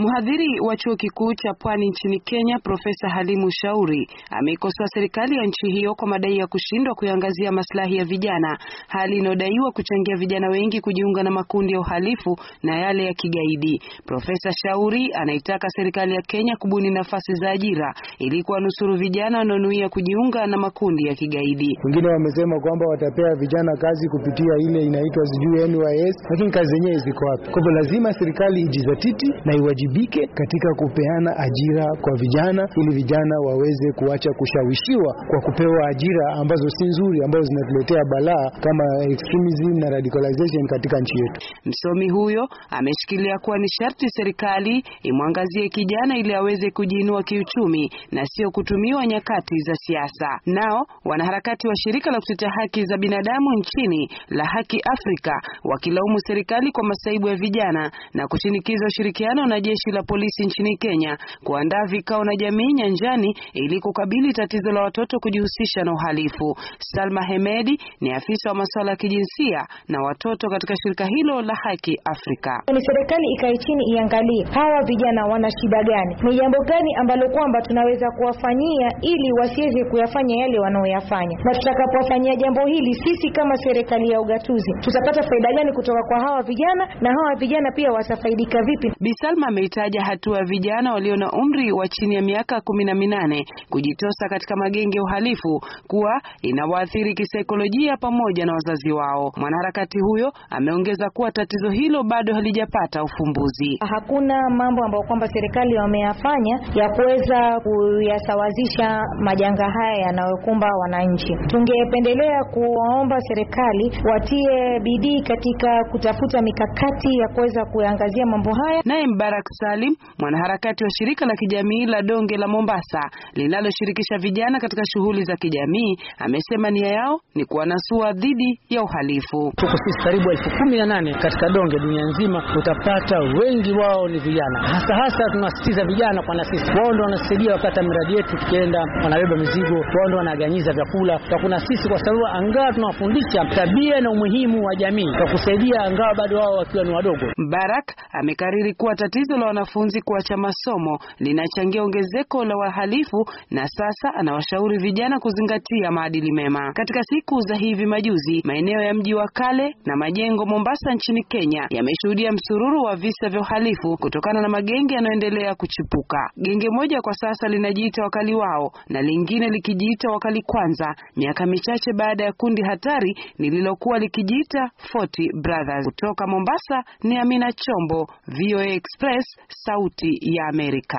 Mhadhiri wa chuo kikuu cha Pwani nchini Kenya, Profesa Halimu Shauri ameikosoa serikali ya nchi hiyo kwa madai ya kushindwa kuangazia maslahi ya vijana, hali inayodaiwa kuchangia vijana wengi kujiunga na makundi ya uhalifu na yale ya kigaidi. Profesa Shauri anaitaka serikali ya Kenya kubuni nafasi za ajira ili kuwanusuru vijana wanaonuia kujiunga na makundi ya kigaidi. Wengine wamesema kwamba watapea vijana kazi kupitia ile inaitwa sijui NYS, lakini kazi zenyewe ziko wapi? Kwa hivyo lazima serikali ijizatiti na iwajibu iwajibike katika kupeana ajira kwa vijana, ili vijana waweze kuacha kushawishiwa kwa kupewa ajira ambazo si nzuri, ambazo zinatuletea balaa kama extremism na radicalization katika nchi yetu. Msomi huyo ameshikilia kuwa ni sharti serikali imwangazie kijana ili aweze kujiinua kiuchumi na sio kutumiwa nyakati za siasa. Nao wanaharakati wa shirika la kutetea haki za binadamu nchini la Haki Afrika wakilaumu serikali kwa masaibu ya vijana na kushinikiza ushirikiano na jeshi jeshi la polisi nchini Kenya kuandaa vikao na jamii nyanjani ili kukabili tatizo la watoto kujihusisha na uhalifu. Salma Hemedi ni afisa wa masuala ya kijinsia na watoto katika shirika hilo la Haki Afrika. Ni serikali ikae chini iangalie hawa vijana wana shida gani, ni jambo gani ambalo kwamba tunaweza kuwafanyia ili wasiweze kuyafanya yale wanaoyafanya, na tutakapowafanyia jambo hili sisi kama serikali ya ugatuzi tutapata faida gani kutoka kwa hawa vijana, na hawa vijana pia watafaidika vipi? Bi Salma ameitaja hatua vijana walio na umri wa chini ya miaka kumi na minane kujitosa katika magenge ya uhalifu kuwa inawaathiri kisaikolojia pamoja na wazazi wao. Mwanaharakati huyo ameongeza kuwa tatizo hilo bado halijapata ufumbuzi. Hakuna mambo ambayo kwamba serikali wameyafanya ya kuweza kuyasawazisha majanga haya yanayokumba wananchi. Tungependelea kuwaomba serikali watie bidii katika kutafuta mikakati ya kuweza kuangazia mambo haya. Naye Mbarak Salim, mwanaharakati wa shirika la kijamii la Donge la Mombasa linaloshirikisha vijana katika shughuli za kijamii, amesema nia yao ni kuwanasua dhidi ya uhalifu. Tuko sisi karibu elfu kumi na nane katika Donge dunia nzima, utapata wengi wao ni vijana, hasa hasa tunasitiza vijana, kwana sisi wao ndio wanasaidia wakati miradi yetu, tukienda wanabeba mizigo, wao ndio wanaganyiza vyakula kwa kuna sisi, kwa sababu angawa tunawafundisha tabia na umuhimu wa jamii kwa kusaidia, angawa bado wao wakiwa ni wadogo. Barak amekariri kuwa tatizo la wanafunzi kuacha masomo linachangia ongezeko la wahalifu na sasa anawashauri vijana kuzingatia maadili mema. Katika siku za hivi majuzi, maeneo ya mji wa kale na majengo Mombasa nchini Kenya yameshuhudia msururu wa visa vya uhalifu kutokana na magenge yanayoendelea kuchipuka. Genge moja kwa sasa linajiita wakali wao na lingine likijiita wakali kwanza, miaka michache baada ya kundi hatari lililokuwa likijiita Forty Brothers. Kutoka Mombasa ni Amina Chombo, VOA Express sauti ya Amerika.